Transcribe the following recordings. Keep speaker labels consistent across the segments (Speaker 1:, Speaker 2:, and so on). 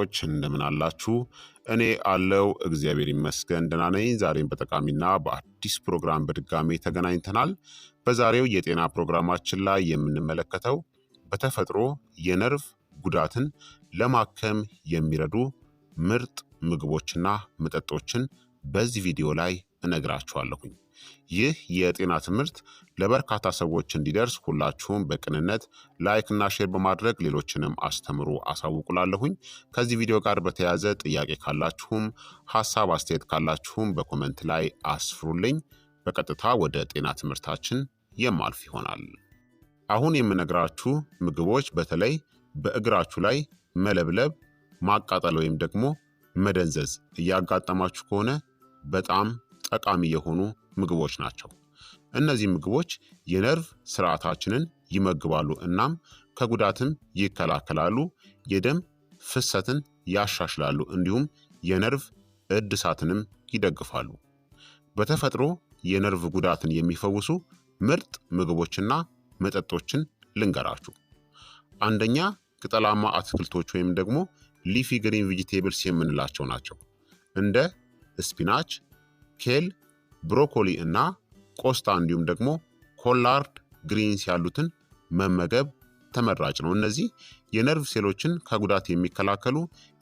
Speaker 1: ዎች እንደምን አላችሁ? እኔ አለው እግዚአብሔር ይመስገን ደህና ነኝ። ዛሬም በጠቃሚና በአዲስ ፕሮግራም በድጋሜ ተገናኝተናል። በዛሬው የጤና ፕሮግራማችን ላይ የምንመለከተው በተፈጥሮ የነርቭ ጉዳትን ለማከም የሚረዱ ምርጥ ምግቦችና መጠጦችን በዚህ ቪዲዮ ላይ እነግራችኋለሁኝ። ይህ የጤና ትምህርት ለበርካታ ሰዎች እንዲደርስ ሁላችሁም በቅንነት እና ሼር በማድረግ ሌሎችንም አስተምሩ አሳውቁላለሁኝ። ከዚህ ቪዲዮ ጋር በተያያዘ ጥያቄ ካላችሁም ሀሳብ አስተያየት ካላችሁም በኮመንት ላይ አስፍሩልኝ። በቀጥታ ወደ ጤና ትምህርታችን የማልፍ ይሆናል። አሁን የምነግራችሁ ምግቦች በተለይ በእግራችሁ ላይ መለብለብ፣ ማቃጠል ወይም ደግሞ መደንዘዝ እያጋጠማችሁ ከሆነ በጣም ጠቃሚ የሆኑ ምግቦች ናቸው። እነዚህ ምግቦች የነርቭ ስርዓታችንን ይመግባሉ እናም ከጉዳትም ይከላከላሉ፣ የደም ፍሰትን ያሻሽላሉ፣ እንዲሁም የነርቭ እድሳትንም ይደግፋሉ። በተፈጥሮ የነርቭ ጉዳትን የሚፈውሱ ምርጥ ምግቦችና መጠጦችን ልንገራችሁ። አንደኛ ቅጠላማ አትክልቶች ወይም ደግሞ ሊፊ ግሪን ቪጂቴብልስ የምንላቸው ናቸው። እንደ ስፒናች፣ ኬል፣ ብሮኮሊ እና ቆስጣ እንዲሁም ደግሞ ኮላርድ ግሪንስ ያሉትን መመገብ ተመራጭ ነው። እነዚህ የነርቭ ሴሎችን ከጉዳት የሚከላከሉ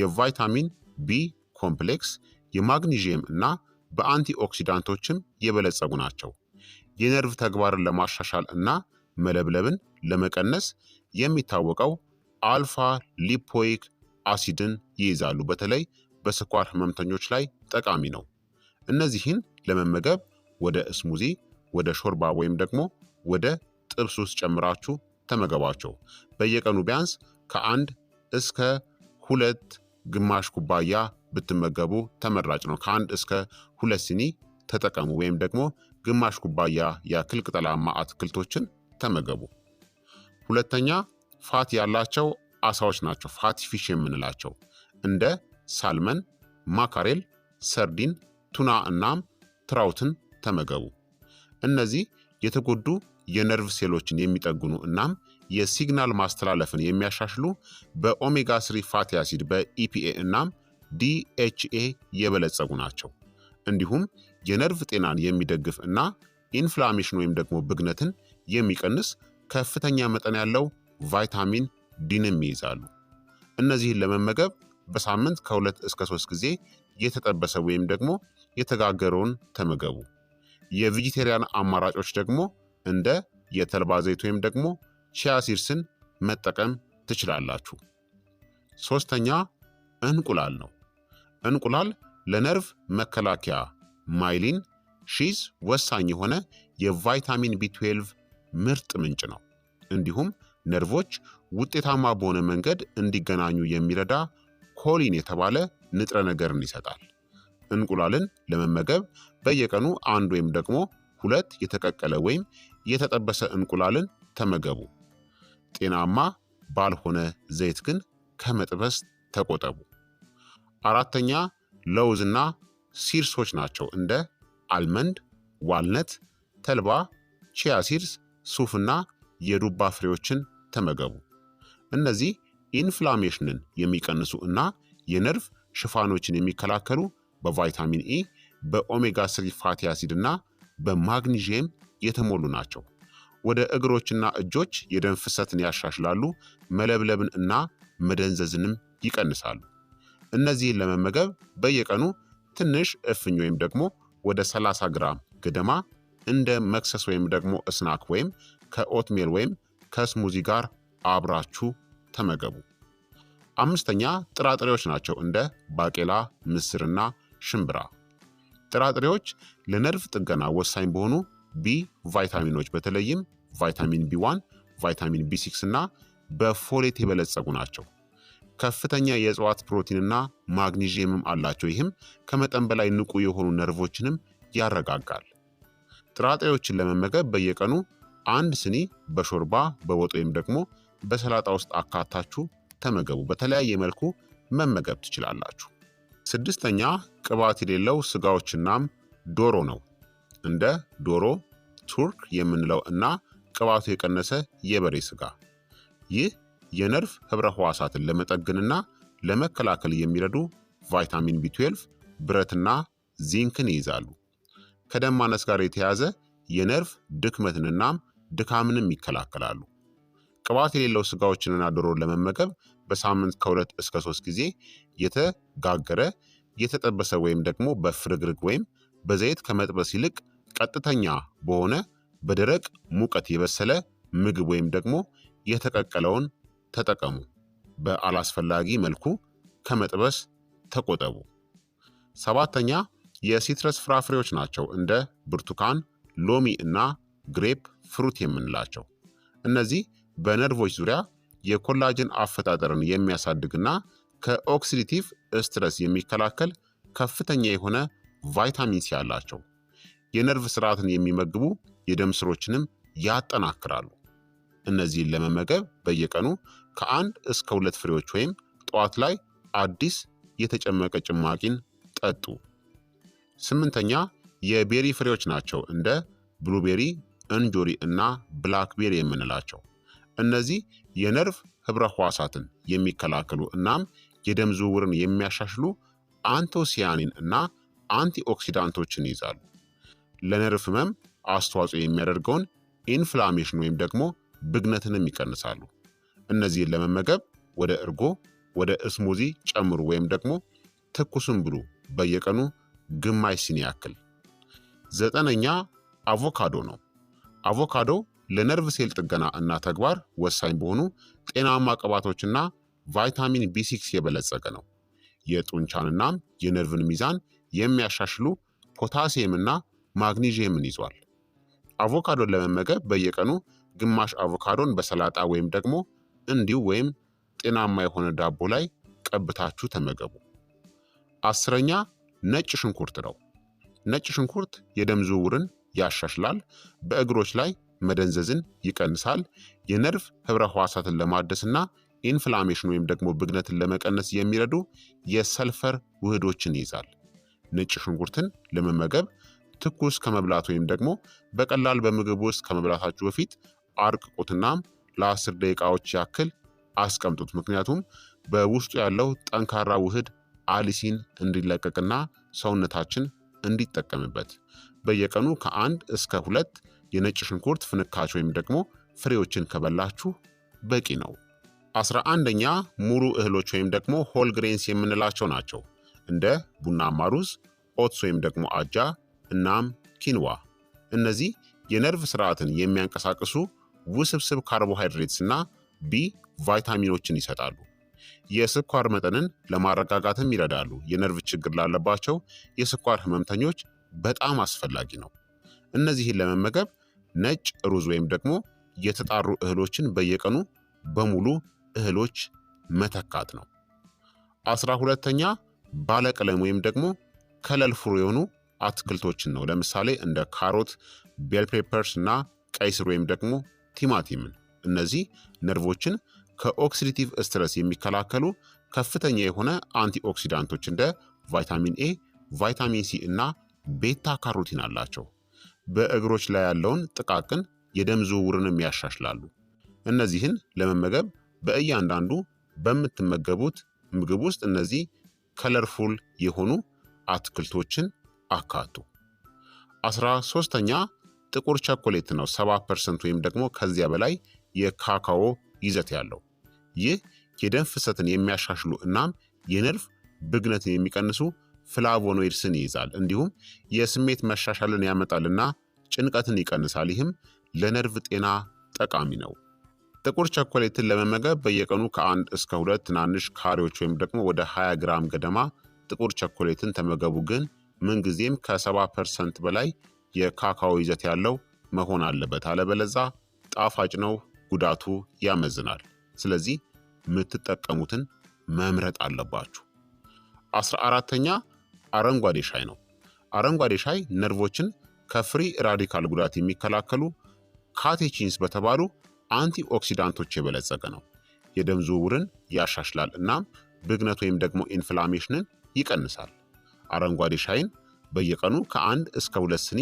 Speaker 1: የቫይታሚን ቢ ኮምፕሌክስ፣ የማግኒዥየም እና በአንቲ ኦክሲዳንቶችም የበለጸጉ ናቸው። የነርቭ ተግባርን ለማሻሻል እና መለብለብን ለመቀነስ የሚታወቀው አልፋ ሊፖይክ አሲድን ይይዛሉ። በተለይ በስኳር ህመምተኞች ላይ ጠቃሚ ነው። እነዚህን ለመመገብ ወደ እስሙዚ፣ ወደ ሾርባ ወይም ደግሞ ወደ ጥብስ ውስጥ ጨምራችሁ ተመገቧቸው። በየቀኑ ቢያንስ ከአንድ እስከ ሁለት ግማሽ ኩባያ ብትመገቡ ተመራጭ ነው። ከአንድ እስከ ሁለት ሲኒ ተጠቀሙ፣ ወይም ደግሞ ግማሽ ኩባያ ያክል ቅጠላማ አትክልቶችን ተመገቡ። ሁለተኛ ፋት ያላቸው አሳዎች ናቸው። ፋት ፊሽ የምንላቸው እንደ ሳልመን፣ ማካሬል፣ ሰርዲን፣ ቱና እናም ትራውትን ተመገቡ። እነዚህ የተጎዱ የነርቭ ሴሎችን የሚጠግኑ እናም የሲግናል ማስተላለፍን የሚያሻሽሉ በኦሜጋ 3 ፋቲ አሲድ በኢፒኤ እናም ዲኤችኤ የበለጸጉ ናቸው። እንዲሁም የነርቭ ጤናን የሚደግፍ እና ኢንፍላሜሽን ወይም ደግሞ ብግነትን የሚቀንስ ከፍተኛ መጠን ያለው ቫይታሚን ዲንም ይይዛሉ። እነዚህን ለመመገብ በሳምንት ከሁለት እስከ ሶስት ጊዜ የተጠበሰ ወይም ደግሞ የተጋገረውን ተመገቡ። የቪጂቴሪያን አማራጮች ደግሞ እንደ የተልባ ዘይት ወይም ደግሞ ቺያሲርስን መጠቀም ትችላላችሁ። ሶስተኛ እንቁላል ነው። እንቁላል ለነርቭ መከላከያ ማይሊን ሺዝ ወሳኝ የሆነ የቫይታሚን ቢ12 ምርጥ ምንጭ ነው። እንዲሁም ነርቮች ውጤታማ በሆነ መንገድ እንዲገናኙ የሚረዳ ኮሊን የተባለ ንጥረ ነገርን ይሰጣል። እንቁላልን ለመመገብ በየቀኑ አንድ ወይም ደግሞ ሁለት የተቀቀለ ወይም የተጠበሰ እንቁላልን ተመገቡ። ጤናማ ባልሆነ ዘይት ግን ከመጥበስ ተቆጠቡ። አራተኛ ለውዝና ሲርሶች ናቸው። እንደ አልመንድ፣ ዋልነት፣ ተልባ፣ ቺያ ሲርስ፣ ሱፍና የዱባ ፍሬዎችን ተመገቡ። እነዚህ ኢንፍላሜሽንን የሚቀንሱ እና የነርቭ ሽፋኖችን የሚከላከሉ በቫይታሚን ኢ፣ e፣ በኦሜጋ ስሪ ፋቲ አሲድ እና በማግኒዥየም የተሞሉ ናቸው። ወደ እግሮችና እጆች የደም ፍሰትን ያሻሽላሉ፣ መለብለብን እና መደንዘዝንም ይቀንሳሉ። እነዚህን ለመመገብ በየቀኑ ትንሽ እፍኝ ወይም ደግሞ ወደ 30 ግራም ገደማ እንደ መክሰስ ወይም ደግሞ ስናክ ወይም ከኦትሜል ወይም ከስሙዚ ጋር አብራችሁ ተመገቡ። አምስተኛ ጥራጥሬዎች ናቸው። እንደ ባቄላ፣ ምስርና ሽምብራ። ጥራጥሬዎች ለነርቭ ጥገና ወሳኝ በሆኑ ቢ ቫይታሚኖች በተለይም ቫይታሚን ቢ1፣ ቫይታሚን ቢ6 እና በፎሌት የበለጸጉ ናቸው። ከፍተኛ የእጽዋት ፕሮቲንና ማግኒዥየምም አላቸው። ይህም ከመጠን በላይ ንቁ የሆኑ ነርቮችንም ያረጋጋል። ጥራጥሬዎችን ለመመገብ በየቀኑ አንድ ስኒ በሾርባ በወጥ ወይም ደግሞ በሰላጣ ውስጥ አካታችሁ ተመገቡ። በተለያየ መልኩ መመገብ ትችላላችሁ። ስድስተኛ ቅባት የሌለው ስጋዎችናም ዶሮ ነው። እንደ ዶሮ፣ ቱርክ የምንለው እና ቅባቱ የቀነሰ የበሬ ስጋ። ይህ የነርቭ ህብረ ህዋሳትን ለመጠገንና ለመከላከል የሚረዱ ቫይታሚን ቢ12 ብረትና ዚንክን ይይዛሉ። ከደም ማነስ ጋር የተያያዘ የነርቭ ድክመትንናም ድካምንም ይከላከላሉ። ቅባት የሌለው ስጋዎችንና ዶሮን ለመመገብ በሳምንት ከሁለት እስከ ሶስት ጊዜ የተጋገረ የተጠበሰ ወይም ደግሞ በፍርግርግ ወይም በዘይት ከመጥበስ ይልቅ ቀጥተኛ በሆነ በደረቅ ሙቀት የበሰለ ምግብ ወይም ደግሞ የተቀቀለውን ተጠቀሙ። በአላስፈላጊ መልኩ ከመጥበስ ተቆጠቡ። ሰባተኛ የሲትረስ ፍራፍሬዎች ናቸው። እንደ ብርቱካን፣ ሎሚ እና ግሬፕ ፍሩት የምንላቸው እነዚህ በነርቮች ዙሪያ የኮላጅን አፈጣጠርን የሚያሳድግና ከኦክሲዲቲቭ ስትረስ የሚከላከል ከፍተኛ የሆነ ቫይታሚን ሲ አላቸው። የነርቭ ስርዓትን የሚመግቡ የደም ስሮችንም ያጠናክራሉ። እነዚህን ለመመገብ በየቀኑ ከአንድ እስከ ሁለት ፍሬዎች ወይም ጠዋት ላይ አዲስ የተጨመቀ ጭማቂን ጠጡ። ስምንተኛ የቤሪ ፍሬዎች ናቸው። እንደ ብሉቤሪ፣ እንጆሪ እና ብላክቤሪ የምንላቸው እነዚህ የነርቭ ህብረ ህዋሳትን የሚከላከሉ እናም የደም ዝውውርን የሚያሻሽሉ አንቶሲያኒን እና አንቲኦክሲዳንቶችን ይይዛሉ። ለነርቭ ህመም አስተዋጽኦ የሚያደርገውን ኢንፍላሜሽን ወይም ደግሞ ብግነትንም ይቀንሳሉ። እነዚህን ለመመገብ ወደ እርጎ፣ ወደ እስሙዚ ጨምሩ ወይም ደግሞ ትኩስን ብሉ በየቀኑ ግማሽ ሲኒ ያክል። ዘጠነኛ አቮካዶ ነው። አቮካዶ ለነርቭ ሴል ጥገና እና ተግባር ወሳኝ በሆኑ ጤናማ ቅባቶችና ቫይታሚን ቢ6 የበለጸገ ነው። የጡንቻንና የነርቭን ሚዛን የሚያሻሽሉ ፖታሲየምና ማግኒዥየምን ይዟል። አቮካዶን ለመመገብ በየቀኑ ግማሽ አቮካዶን በሰላጣ ወይም ደግሞ እንዲሁ ወይም ጤናማ የሆነ ዳቦ ላይ ቀብታችሁ ተመገቡ። አስረኛ ነጭ ሽንኩርት ነው። ነጭ ሽንኩርት የደም ዝውውርን ያሻሽላል። በእግሮች ላይ መደንዘዝን ይቀንሳል። የነርቭ ህብረ ህዋሳትን ለማደስና ኢንፍላሜሽን ወይም ደግሞ ብግነትን ለመቀነስ የሚረዱ የሰልፈር ውህዶችን ይይዛል። ነጭ ሽንኩርትን ለመመገብ ትኩስ ከመብላት ወይም ደግሞ በቀላል በምግብ ውስጥ ከመብላታችሁ በፊት አርቅቁትናም ለአስር ደቂቃዎች ያክል አስቀምጡት። ምክንያቱም በውስጡ ያለው ጠንካራ ውህድ አሊሲን እንዲለቀቅና ሰውነታችን እንዲጠቀምበት በየቀኑ ከአንድ እስከ ሁለት የነጭ ሽንኩርት ፍንካች ወይም ደግሞ ፍሬዎችን ከበላችሁ በቂ ነው። አስራ አንደኛ ሙሉ እህሎች ወይም ደግሞ ሆል ግሬንስ የምንላቸው ናቸው እንደ ቡናማ ሩዝ፣ ኦትስ ወይም ደግሞ አጃ እናም ኪንዋ። እነዚህ የነርቭ ስርዓትን የሚያንቀሳቅሱ ውስብስብ ካርቦሃይድሬትስ እና ቢ ቫይታሚኖችን ይሰጣሉ። የስኳር መጠንን ለማረጋጋትም ይረዳሉ። የነርቭ ችግር ላለባቸው የስኳር ህመምተኞች በጣም አስፈላጊ ነው። እነዚህን ለመመገብ ነጭ ሩዝ ወይም ደግሞ የተጣሩ እህሎችን በየቀኑ በሙሉ እህሎች መተካት ነው። አስራ ሁለተኛ ባለቀለም ወይም ደግሞ ከለል ፍሩ የሆኑ አትክልቶችን ነው። ለምሳሌ እንደ ካሮት፣ ቤል ፔፐርስ እና ቀይ ስር ወይም ደግሞ ቲማቲምን። እነዚህ ነርቮችን ከኦክሲዲቲቭ ስትረስ የሚከላከሉ ከፍተኛ የሆነ አንቲኦክሲዳንቶች እንደ ቫይታሚን ኤ፣ ቫይታሚን ሲ እና ቤታ ካሮቲን አላቸው። በእግሮች ላይ ያለውን ጥቃቅን የደም ዝውውርንም ያሻሽላሉ። እነዚህን ለመመገብ በእያንዳንዱ በምትመገቡት ምግብ ውስጥ እነዚህ ከለርፉል የሆኑ አትክልቶችን አካቱ። አስራ ሶስተኛ ጥቁር ቸኮሌት ነው። 7 ፐርሰንት ወይም ደግሞ ከዚያ በላይ የካካኦ ይዘት ያለው ይህ የደም ፍሰትን የሚያሻሽሉ እናም የነርቭ ብግነትን የሚቀንሱ ፍላቮኖይድስን ይይዛል። እንዲሁም የስሜት መሻሻልን ያመጣልና ጭንቀትን ይቀንሳል። ይህም ለነርቭ ጤና ጠቃሚ ነው። ጥቁር ቸኮሌትን ለመመገብ በየቀኑ ከአንድ እስከ ሁለት ትናንሽ ካሬዎች ወይም ደግሞ ወደ 20 ግራም ገደማ ጥቁር ቸኮሌትን ተመገቡ። ግን ምንጊዜም ከ70 ፐርሰንት በላይ የካካዎ ይዘት ያለው መሆን አለበት። አለበለዛ ጣፋጭ ነው፣ ጉዳቱ ያመዝናል። ስለዚህ የምትጠቀሙትን መምረጥ አለባችሁ። አስራ አራተኛ አረንጓዴ ሻይ ነው። አረንጓዴ ሻይ ነርቮችን ከፍሪ ራዲካል ጉዳት የሚከላከሉ ካቴቺንስ በተባሉ አንቲ ኦክሲዳንቶች የበለጸገ ነው። የደም ዝውውርን ያሻሽላል እናም ብግነት ወይም ደግሞ ኢንፍላሜሽንን ይቀንሳል። አረንጓዴ ሻይን በየቀኑ ከአንድ እስከ ሁለት ስኒ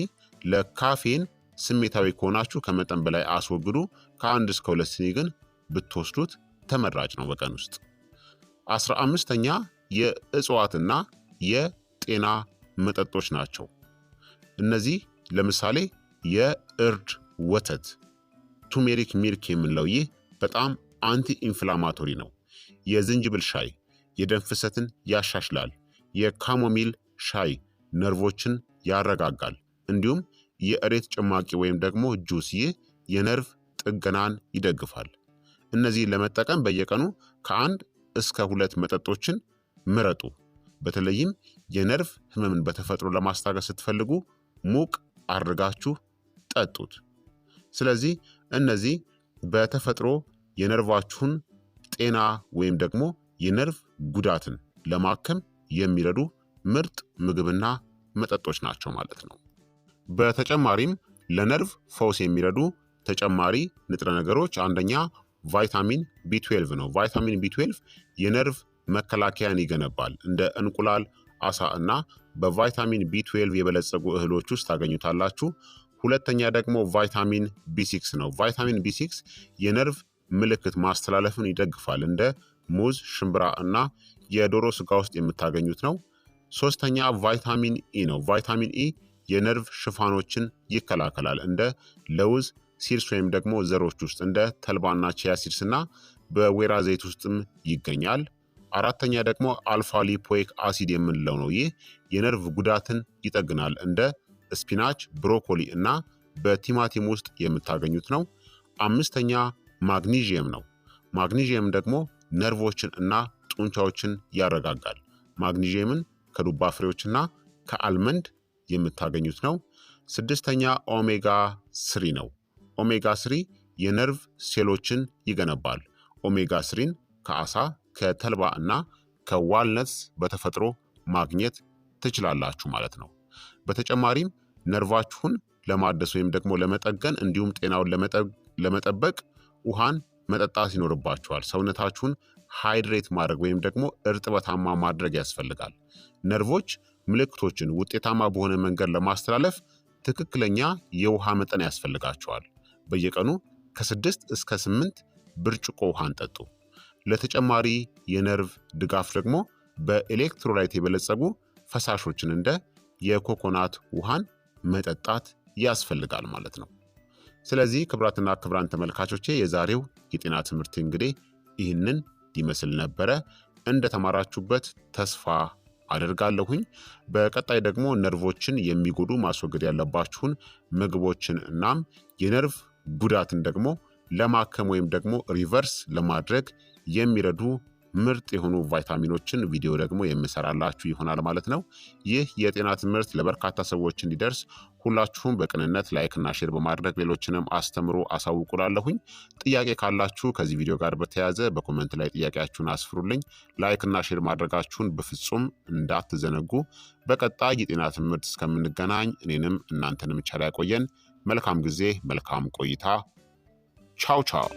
Speaker 1: ለካፌን ስሜታዊ ከሆናችሁ ከመጠን በላይ አስወግዱ። ከአንድ እስከ ሁለት ስኒ ግን ብትወስዱት ተመራጭ ነው በቀን ውስጥ። አስራ አምስተኛ የእጽዋትና የ ጤና መጠጦች ናቸው። እነዚህ ለምሳሌ የእርድ ወተት ቱሜሪክ ሚልክ የምንለው ይህ በጣም አንቲ ኢንፍላማቶሪ ነው። የዝንጅብል ሻይ የደም ፍሰትን ያሻሽላል። የካሞሚል ሻይ ነርቮችን ያረጋጋል። እንዲሁም የእሬት ጭማቂ ወይም ደግሞ ጁስ ይህ የነርቭ ጥገናን ይደግፋል። እነዚህ ለመጠቀም በየቀኑ ከአንድ እስከ ሁለት መጠጦችን ምረጡ። በተለይም የነርቭ ህመምን በተፈጥሮ ለማስታገስ ስትፈልጉ ሙቅ አድርጋችሁ ጠጡት። ስለዚህ እነዚህ በተፈጥሮ የነርቫችሁን ጤና ወይም ደግሞ የነርቭ ጉዳትን ለማከም የሚረዱ ምርጥ ምግብና መጠጦች ናቸው ማለት ነው። በተጨማሪም ለነርቭ ፈውስ የሚረዱ ተጨማሪ ንጥረ ነገሮች አንደኛ ቫይታሚን ቢ12 ነው። ቫይታሚን ቢ12 የነርቭ መከላከያን ይገነባል። እንደ እንቁላል፣ አሳ እና በቫይታሚን ቢ12 የበለጸጉ እህሎች ውስጥ ታገኙታላችሁ። ሁለተኛ ደግሞ ቫይታሚን ቢ6 ነው። ቫይታሚን ቢ6 የነርቭ ምልክት ማስተላለፍን ይደግፋል። እንደ ሙዝ፣ ሽምብራ እና የዶሮ ስጋ ውስጥ የምታገኙት ነው። ሶስተኛ ቫይታሚን ኢ ነው። ቫይታሚን ኢ የነርቭ ሽፋኖችን ይከላከላል። እንደ ለውዝ ሲርስ ወይም ደግሞ ዘሮች ውስጥ እንደ ተልባና ቺያ ሲርስ እና በወይራ ዘይት ውስጥም ይገኛል። አራተኛ ደግሞ አልፋ ሊፖይክ አሲድ የምንለው ነው። ይህ የነርቭ ጉዳትን ይጠግናል። እንደ ስፒናች፣ ብሮኮሊ እና በቲማቲም ውስጥ የምታገኙት ነው። አምስተኛ ማግኒዥየም ነው። ማግኒዥየም ደግሞ ነርቮችን እና ጡንቻዎችን ያረጋጋል። ማግኒዥየምን ከዱባ ፍሬዎችና ከአልመንድ የምታገኙት ነው። ስድስተኛ ኦሜጋ ስሪ ነው። ኦሜጋ ስሪ የነርቭ ሴሎችን ይገነባል። ኦሜጋ ስሪን ከአሳ ከተልባ እና ከዋልነትስ በተፈጥሮ ማግኘት ትችላላችሁ ማለት ነው። በተጨማሪም ነርቫችሁን ለማደስ ወይም ደግሞ ለመጠገን እንዲሁም ጤናውን ለመጠበቅ ውሃን መጠጣት ይኖርባችኋል። ሰውነታችሁን ሃይድሬት ማድረግ ወይም ደግሞ እርጥበታማ ማድረግ ያስፈልጋል። ነርቮች ምልክቶችን ውጤታማ በሆነ መንገድ ለማስተላለፍ ትክክለኛ የውሃ መጠን ያስፈልጋቸዋል። በየቀኑ ከስድስት እስከ ስምንት ብርጭቆ ውሃን ጠጡ። ለተጨማሪ የነርቭ ድጋፍ ደግሞ በኤሌክትሮላይት የበለጸጉ ፈሳሾችን እንደ የኮኮናት ውሃን መጠጣት ያስፈልጋል ማለት ነው። ስለዚህ ክብራትና ክብራን ተመልካቾቼ የዛሬው የጤና ትምህርት እንግዲህ ይህንን ይመስል ነበረ። እንደተማራችሁበት ተስፋ አደርጋለሁኝ። በቀጣይ ደግሞ ነርቮችን የሚጎዱ ማስወገድ ያለባችሁን ምግቦችን እናም የነርቭ ጉዳትን ደግሞ ለማከም ወይም ደግሞ ሪቨርስ ለማድረግ የሚረዱ ምርጥ የሆኑ ቫይታሚኖችን ቪዲዮ ደግሞ የምሰራላችሁ ይሆናል ማለት ነው። ይህ የጤና ትምህርት ለበርካታ ሰዎች እንዲደርስ ሁላችሁም በቅንነት ላይክና ሼር በማድረግ ሌሎችንም አስተምሮ አሳውቁላለሁኝ። ጥያቄ ካላችሁ ከዚህ ቪዲዮ ጋር በተያያዘ በኮመንት ላይ ጥያቄያችሁን አስፍሩልኝ። ላይክና ሼር ማድረጋችሁን በፍጹም እንዳትዘነጉ። በቀጣይ የጤና ትምህርት እስከምንገናኝ እኔንም እናንተንም ቻላ ያቆየን። መልካም ጊዜ፣ መልካም ቆይታ። ቻው ቻው